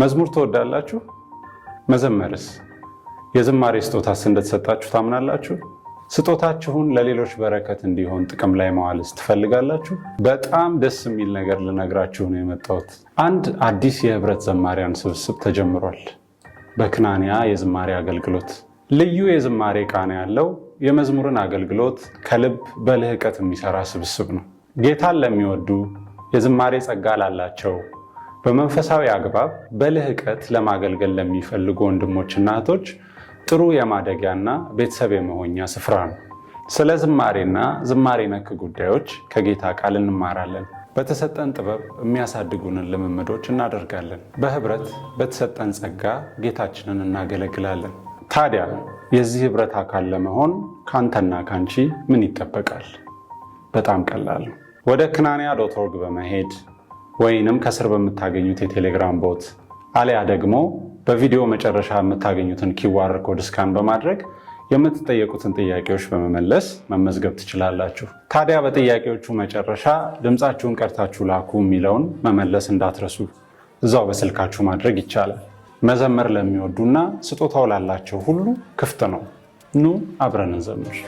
መዝሙር ትወዳላችሁ? መዘመርስ? የዝማሬ ስጦታስ እንደተሰጣችሁ ታምናላችሁ? ስጦታችሁን ለሌሎች በረከት እንዲሆን ጥቅም ላይ ማዋልስ ትፈልጋላችሁ? በጣም ደስ የሚል ነገር ልነግራችሁ ነው የመጣሁት። አንድ አዲስ የህብረት ዘማሪያን ስብስብ ተጀምሯል። በክናንያ የዝማሬ አገልግሎት ልዩ የዝማሬ ቃና ያለው የመዝሙርን አገልግሎት ከልብ በልህቀት የሚሰራ ስብስብ ነው። ጌታን ለሚወዱ የዝማሬ ጸጋ ላላቸው በመንፈሳዊ አግባብ በልህቀት ለማገልገል ለሚፈልጉ ወንድሞችና እህቶች ጥሩ የማደጊያና ቤተሰብ የመሆኛ ስፍራ ነው። ስለ ዝማሬና ዝማሬ ነክ ጉዳዮች ከጌታ ቃል እንማራለን። በተሰጠን ጥበብ የሚያሳድጉንን ልምምዶች እናደርጋለን። በህብረት በተሰጠን ጸጋ ጌታችንን እናገለግላለን። ታዲያ የዚህ ህብረት አካል ለመሆን ካንተና ካንቺ ምን ይጠበቃል? በጣም ቀላል። ወደ ክናንያ ዶት ኦርግ በመሄድ ወይንም ከስር በምታገኙት የቴሌግራም ቦት አሊያ ደግሞ በቪዲዮ መጨረሻ የምታገኙትን ኪዋር ኮድ ስካን በማድረግ የምትጠየቁትን ጥያቄዎች በመመለስ መመዝገብ ትችላላችሁ። ታዲያ በጥያቄዎቹ መጨረሻ ድምፃችሁን ቀድታችሁ ላኩ የሚለውን መመለስ እንዳትረሱ። እዛው በስልካችሁ ማድረግ ይቻላል። መዘመር ለሚወዱና ስጦታው ላላቸው ሁሉ ክፍት ነው። ኑ አብረን እንዘምር።